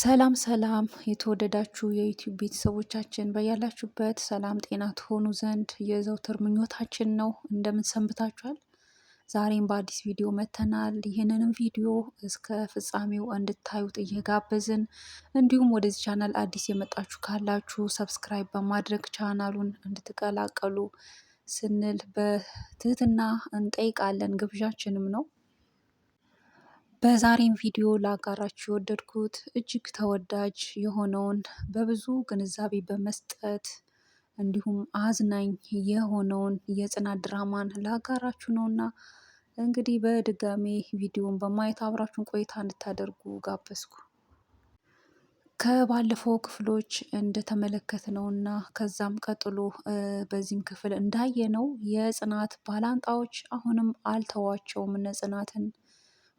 ሰላም ሰላም የተወደዳችሁ የዩቲዩብ ቤተሰቦቻችን በያላችሁበት ሰላም ጤና ትሆኑ ዘንድ የዘውትር ምኞታችን ነው። እንደምን ሰንብታችኋል? ዛሬም በአዲስ ቪዲዮ መተናል። ይህንንም ቪዲዮ እስከ ፍጻሜው እንድታዩት እየጋበዝን እንዲሁም ወደዚህ ቻናል አዲስ የመጣችሁ ካላችሁ ሰብስክራይብ በማድረግ ቻናሉን እንድትቀላቀሉ ስንል በትህትና እንጠይቃለን፣ ግብዣችንም ነው። በዛሬም ቪዲዮ ላጋራችሁ የወደድኩት እጅግ ተወዳጅ የሆነውን በብዙ ግንዛቤ በመስጠት እንዲሁም አዝናኝ የሆነውን የጽናት ድራማን ላጋራችሁ ነውና እንግዲህ በድጋሜ ቪዲዮን በማየት አብራችሁን ቆይታ እንድታደርጉ ጋበዝኩ። ከባለፈው ክፍሎች እንደተመለከትነውና ከዛም ቀጥሎ በዚህም ክፍል እንዳየነው የጽናት ባላንጣዎች አሁንም አልተዋቸውም እነ ጽናትን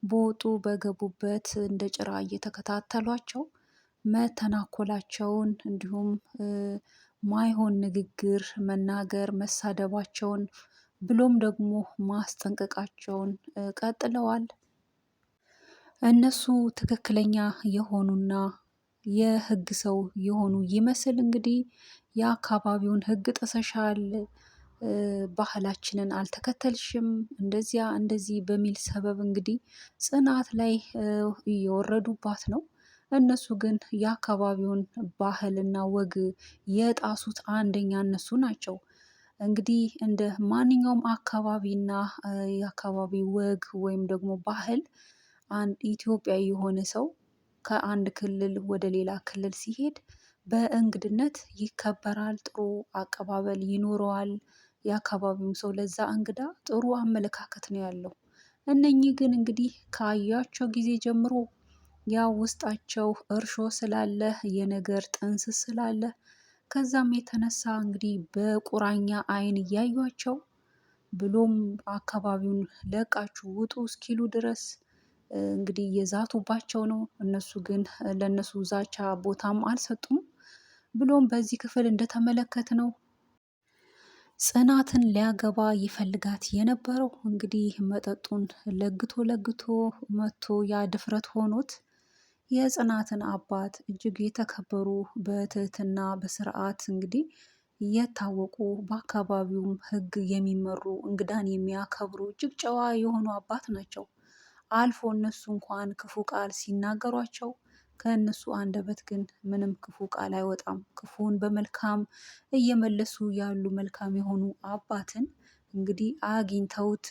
በወጡ በገቡበት እንደ ጭራ እየተከታተሏቸው መተናኮላቸውን እንዲሁም ማይሆን ንግግር መናገር መሳደባቸውን ብሎም ደግሞ ማስጠንቀቃቸውን ቀጥለዋል። እነሱ ትክክለኛ የሆኑና የህግ ሰው የሆኑ ይመስል እንግዲህ የአካባቢውን ህግ ጥሰሻል ባህላችንን አልተከተልሽም እንደዚያ እንደዚህ በሚል ሰበብ እንግዲህ ጽናት ላይ እየወረዱባት ነው። እነሱ ግን የአካባቢውን ባህል እና ወግ የጣሱት አንደኛ እነሱ ናቸው። እንግዲህ እንደ ማንኛውም አካባቢና የአካባቢ ወግ ወይም ደግሞ ባህል አንድ ኢትዮጵያዊ የሆነ ሰው ከአንድ ክልል ወደ ሌላ ክልል ሲሄድ በእንግድነት ይከበራል፣ ጥሩ አቀባበል ይኖረዋል። የአካባቢውም ሰው ለዛ እንግዳ ጥሩ አመለካከት ነው ያለው። እነኚህ ግን እንግዲህ ካያቸው ጊዜ ጀምሮ ያው ውስጣቸው እርሾ ስላለ የነገር ጥንስ ስላለ ከዛም የተነሳ እንግዲህ በቁራኛ አይን እያዩቸው ብሎም አካባቢውን ለቃችሁ ውጡ እስኪሉ ድረስ እንግዲህ የዛቱባቸው ነው። እነሱ ግን ለእነሱ ዛቻ ቦታም አልሰጡም። ብሎም በዚህ ክፍል እንደተመለከት ነው። ጽናትን ሊያገባ ይፈልጋት የነበረው እንግዲህ መጠጡን ለግቶ ለግቶ መጥቶ ያ ድፍረት ሆኖት የጽናትን አባት እጅግ የተከበሩ በትህትና በስርዓት እንግዲህ የታወቁ በአካባቢውም ሕግ የሚመሩ እንግዳን የሚያከብሩ እጅግ ጨዋ የሆኑ አባት ናቸው። አልፎ እነሱ እንኳን ክፉ ቃል ሲናገሯቸው ከእነሱ አንደበት ግን ምንም ክፉ ቃል አይወጣም። ክፉውን በመልካም እየመለሱ ያሉ መልካም የሆኑ አባትን እንግዲህ አግኝተውት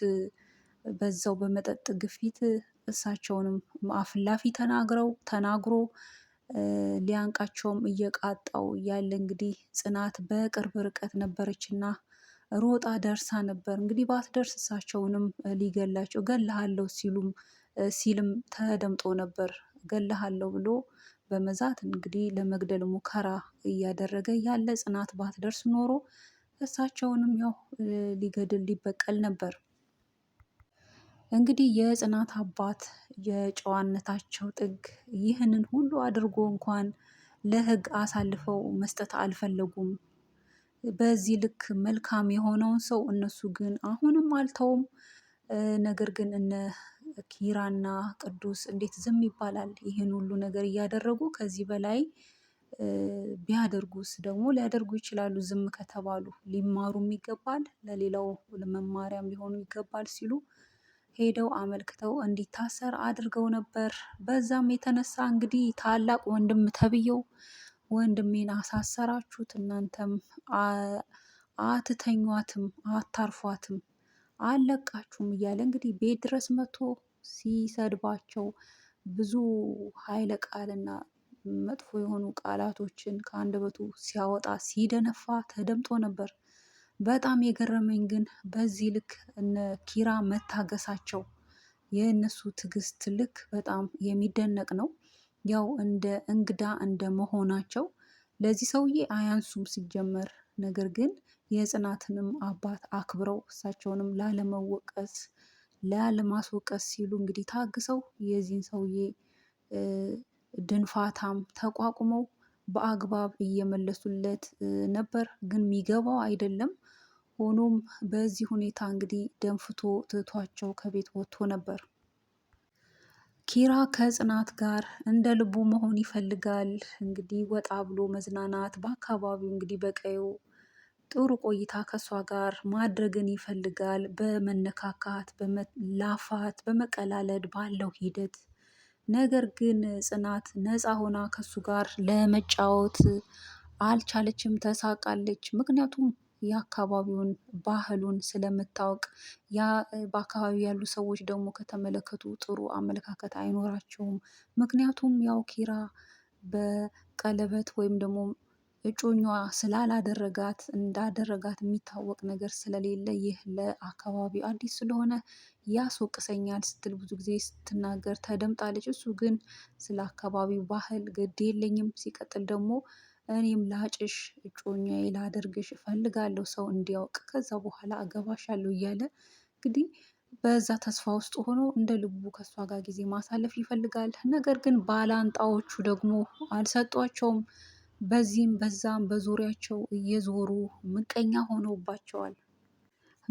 በዛው በመጠጥ ግፊት እሳቸውንም አፍላፊ ተናግረው ተናግሮ ሊያንቃቸውም እየቃጣው እያለ እንግዲህ ጽናት በቅርብ ርቀት ነበረችና ሮጣ ደርሳ ነበር። እንግዲህ ባትደርስ እሳቸውንም ሊገላቸው እገልሃለሁ ሲሉም ሲልም ተደምጦ ነበር። እገልሃለሁ ብሎ በመዛት እንግዲህ ለመግደል ሙከራ እያደረገ ያለ ጽናት ባትደርስ ኖሮ እሳቸውንም ያው ሊገድል ሊበቀል ነበር። እንግዲህ የጽናት አባት የጨዋነታቸው ጥግ ይህንን ሁሉ አድርጎ እንኳን ለሕግ አሳልፈው መስጠት አልፈለጉም። በዚህ ልክ መልካም የሆነውን ሰው እነሱ ግን አሁንም አልተውም። ነገር ግን እነ ኪራና ቅዱስ እንዴት ዝም ይባላል? ይህን ሁሉ ነገር እያደረጉ ከዚህ በላይ ቢያደርጉስ ደግሞ ሊያደርጉ ይችላሉ። ዝም ከተባሉ ሊማሩም ይገባል፣ ለሌላው መማሪያም ሊሆኑ ይገባል ሲሉ ሄደው አመልክተው እንዲታሰር አድርገው ነበር። በዛም የተነሳ እንግዲህ ታላቅ ወንድም ተብዬው ወንድሜን አሳሰራችሁት፣ እናንተም አትተኟትም፣ አታርፏትም፣ አለቃችሁም እያለ እንግዲህ ቤት ድረስ መጥቶ ሲሰድባቸው ብዙ ኃይለ ቃልና መጥፎ የሆኑ ቃላቶችን ከአንደበቱ ሲያወጣ ሲደነፋ ተደምጦ ነበር። በጣም የገረመኝ ግን በዚህ ልክ እነ ኪራ መታገሳቸው የእነሱ ትዕግስት ልክ በጣም የሚደነቅ ነው። ያው እንደ እንግዳ እንደ መሆናቸው ለዚህ ሰውዬ አያንሱም ሲጀመር። ነገር ግን የጽናትንም አባት አክብረው እሳቸውንም ላለመወቀስ ላለማስወቀስ ሲሉ እንግዲህ ታግሰው የዚህን ሰውዬ ድንፋታም ተቋቁመው በአግባብ እየመለሱለት ነበር፣ ግን የሚገባው አይደለም። ሆኖም በዚህ ሁኔታ እንግዲህ ደንፍቶ ትቷቸው ከቤት ወጥቶ ነበር። ኪራ ከጽናት ጋር እንደ ልቡ መሆን ይፈልጋል። እንግዲህ ወጣ ብሎ መዝናናት በአካባቢው እንግዲህ በቀዩ ጥሩ ቆይታ ከእሷ ጋር ማድረግን ይፈልጋል። በመነካካት፣ በመላፋት፣ በመቀላለድ ባለው ሂደት ነገር ግን ጽናት ነፃ ሆና ከሱ ጋር ለመጫወት አልቻለችም፣ ተሳቃለች። ምክንያቱም የአካባቢውን ባህሉን ስለምታውቅ በአካባቢ ያሉ ሰዎች ደግሞ ከተመለከቱ ጥሩ አመለካከት አይኖራቸውም። ምክንያቱም ያው ኪራ በቀለበት ወይም ደግሞ እጮኛዋ ስላላደረጋት እንዳደረጋት የሚታወቅ ነገር ስለሌለ ይህ ለአካባቢው አዲስ ስለሆነ ያስወቅሰኛል ስትል ብዙ ጊዜ ስትናገር ተደምጣለች። እሱ ግን ስለ አካባቢው ባህል ግድ የለኝም። ሲቀጥል ደግሞ እኔም ላጭሽ፣ እጮኛዬ ላደርግሽ እፈልጋለሁ ሰው እንዲያውቅ፣ ከዛ በኋላ አገባሻለሁ እያለ እንግዲህ በዛ ተስፋ ውስጥ ሆኖ እንደ ልቡ ከእሷ ጋር ጊዜ ማሳለፍ ይፈልጋል። ነገር ግን ባላንጣዎቹ ደግሞ አልሰጧቸውም። በዚህም በዛም በዙሪያቸው እየዞሩ ምቀኛ ሆነውባቸዋል።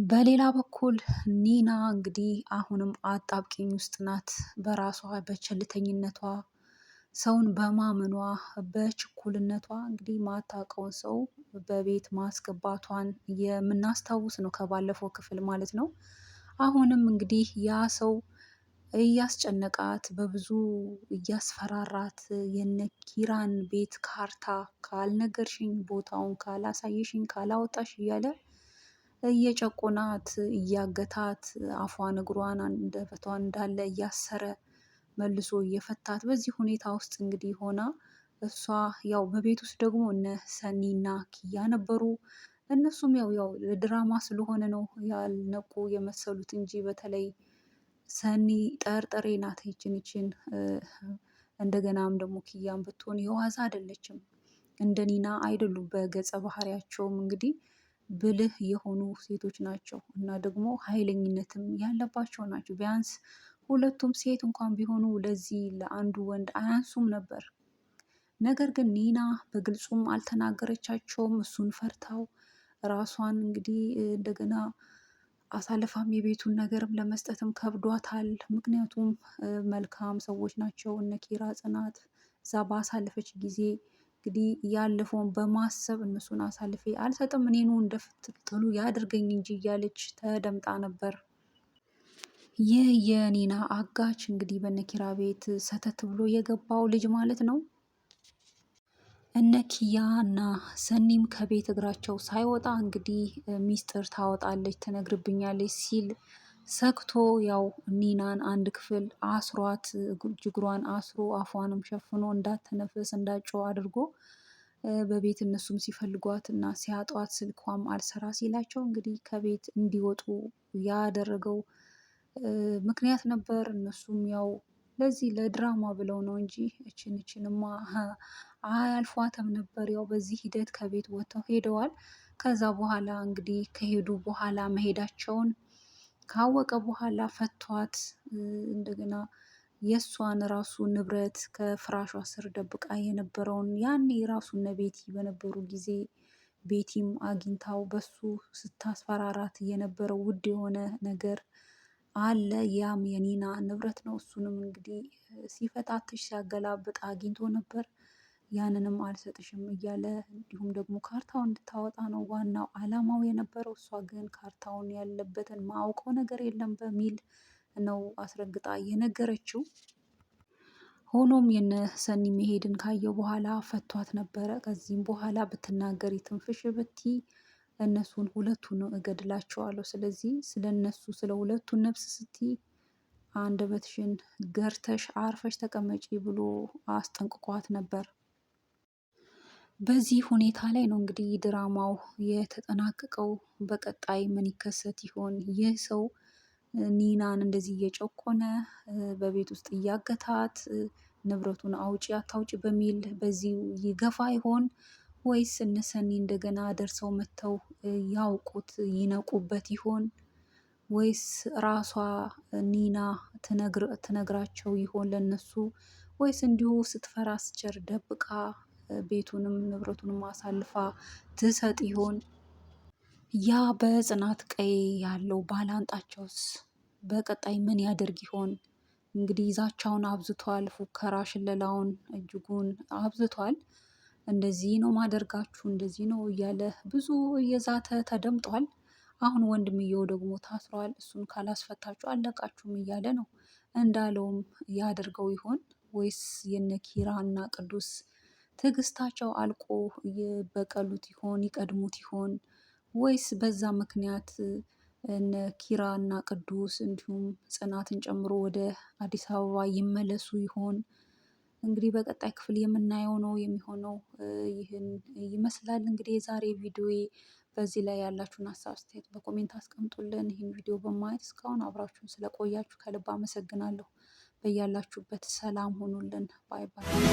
በሌላ በኩል ኒና እንግዲህ አሁንም አጣብቂኝ ውስጥ ናት። በራሷ በቸልተኝነቷ ሰውን በማመኗ በችኩልነቷ እንግዲህ ማታውቀውን ሰው በቤት ማስገባቷን የምናስታውስ ነው ከባለፈው ክፍል ማለት ነው። አሁንም እንግዲህ ያ ሰው እያስጨነቃት በብዙ እያስፈራራት የነ ኪራን ቤት ካርታ ካልነገርሽኝ፣ ቦታውን ካላሳየሽኝ፣ ካላወጣሽ እያለ እየጨቆናት እያገታት አፏን እግሯን አንደበቷን እንዳለ እያሰረ መልሶ እየፈታት በዚህ ሁኔታ ውስጥ እንግዲህ ሆና እሷ ያው በቤት ውስጥ ደግሞ እነ ሰኒና ኪያ ነበሩ። እነሱም ያው ያው ድራማ ስለሆነ ነው ያልነቁ የመሰሉት እንጂ በተለይ ሰኒ ጠርጥሬ ናት ይችን ይችን እንደገናም ደግሞ ኪያም ብትሆን የዋዛ አይደለችም። እንደ ኒና አይደሉም። በገጸ ባህሪያቸውም እንግዲህ ብልህ የሆኑ ሴቶች ናቸው እና ደግሞ ኃይለኝነትም ያለባቸው ናቸው። ቢያንስ ሁለቱም ሴት እንኳን ቢሆኑ ለዚህ ለአንዱ ወንድ አያንሱም ነበር። ነገር ግን ኒና በግልጹም አልተናገረቻቸውም። እሱን ፈርታው ራሷን እንግዲህ እንደገና አሳልፋም የቤቱን ነገርም ለመስጠትም ከብዷታል። ምክንያቱም መልካም ሰዎች ናቸው እነ ኪራ ጽናት። እዛ ባሳለፈች ጊዜ እንግዲህ ያለፈውን በማሰብ እነሱን አሳልፌ አልሰጥም እኔኑ እንደፍትሉ ያድርገኝ እንጂ እያለች ተደምጣ ነበር። ይህ የኒና አጋች እንግዲህ በነኪራ ቤት ሰተት ብሎ የገባው ልጅ ማለት ነው። እነ ኪያ እና ሰኒም ከቤት እግራቸው ሳይወጣ እንግዲህ ሚስጥር ታወጣለች ትነግርብኛለች ሲል ሰክቶ ያው ኒናን አንድ ክፍል አስሯት ጅግሯን አስሮ አፏንም ሸፍኖ እንዳትነፍስ እንዳጮ አድርጎ በቤት እነሱም ሲፈልጓት እና ሲያጧት ስልኳም አልሰራ ሲላቸው እንግዲህ ከቤት እንዲወጡ ያደረገው ምክንያት ነበር። እነሱም ያው ለዚህ ለድራማ ብለው ነው እንጂ እችን እችንማ አያልፏትም ነበር። ያው በዚህ ሂደት ከቤት ወጥተው ሄደዋል። ከዛ በኋላ እንግዲህ ከሄዱ በኋላ መሄዳቸውን ካወቀ በኋላ ፈቷት። እንደገና የእሷን ራሱ ንብረት ከፍራሿ ስር ደብቃ የነበረውን ያኔ ራሱን ቤቲ በነበሩ ጊዜ ቤቲም አግኝታው በሱ ስታስፈራራት የነበረው ውድ የሆነ ነገር አለ። ያም የኒና ንብረት ነው። እሱንም እንግዲህ ሲፈታትሽ ሲያገላብጥ አግኝቶ ነበር። ያንንም አልሰጥሽም እያለ እንዲሁም ደግሞ ካርታውን እንድታወጣ ነው ዋናው አላማው የነበረው። እሷ ግን ካርታውን ያለበትን ማውቀው ነገር የለም በሚል ነው አስረግጣ የነገረችው። ሆኖም የነ ሰኒ መሄድን ካየው በኋላ ፈቷት ነበረ። ከዚህም በኋላ ብትናገሪ ትንፍሽ ብቲ እነሱን ሁለቱን ነው እገድላቸዋለሁ። ስለዚህ ስለ እነሱ ስለ ሁለቱ ነፍስ ስቲ አንደበትሽን ገርተሽ አርፈሽ ተቀመጪ ብሎ አስጠንቅቋት ነበር። በዚህ ሁኔታ ላይ ነው እንግዲህ ድራማው የተጠናቀቀው። በቀጣይ ምን ይከሰት ይሆን? ይህ ሰው ኒናን እንደዚህ እየጨቆነ በቤት ውስጥ እያገታት ንብረቱን አውጪ አታውጪ በሚል በዚህ ይገፋ ይሆን? ወይስ እነሰኒ እንደገና ደርሰው መጥተው ያውቁት ይነቁበት ይሆን? ወይስ ራሷ ኒና ትነግራቸው ይሆን ለነሱ? ወይስ እንዲሁ ስትፈራ ስቸር ደብቃ ቤቱንም ንብረቱንም አሳልፋ ትሰጥ ይሆን? ያ በጽናት ቀይ ያለው ባላንጣቸውስ በቀጣይ ምን ያደርግ ይሆን? እንግዲህ ይዛቻውን አብዝቷል። ፉከራ ሽለላውን እጅጉን አብዝቷል። እንደዚህ ነው ማደርጋችሁ እንደዚህ ነው እያለ ብዙ እየዛተ ተደምጧል። አሁን ወንድምየው ደግሞ ታስሯል። እሱን ካላስፈታችሁ አለቃችሁም እያለ ነው። እንዳለውም ያደርገው ይሆን ወይስ የነ ኪራና ቅዱስ ትዕግስታቸው አልቆ የበቀሉት ይሆን ይቀድሙት ይሆን ወይስ በዛ ምክንያት እነ ኪራ እና ቅዱስ እንዲሁም ጽናትን ጨምሮ ወደ አዲስ አበባ ይመለሱ ይሆን? እንግዲህ በቀጣይ ክፍል የምናየው ነው የሚሆነው። ይህን ይመስላል እንግዲህ የዛሬ ቪዲዮ። በዚህ ላይ ያላችሁን ሀሳብ አስተያየት በኮሜንት አስቀምጡልን። ይህን ቪዲዮ በማየት እስካሁን አብራችሁን ስለቆያችሁ ከልብ አመሰግናለሁ። በያላችሁበት ሰላም ሆኑልን። ባይ ባይ።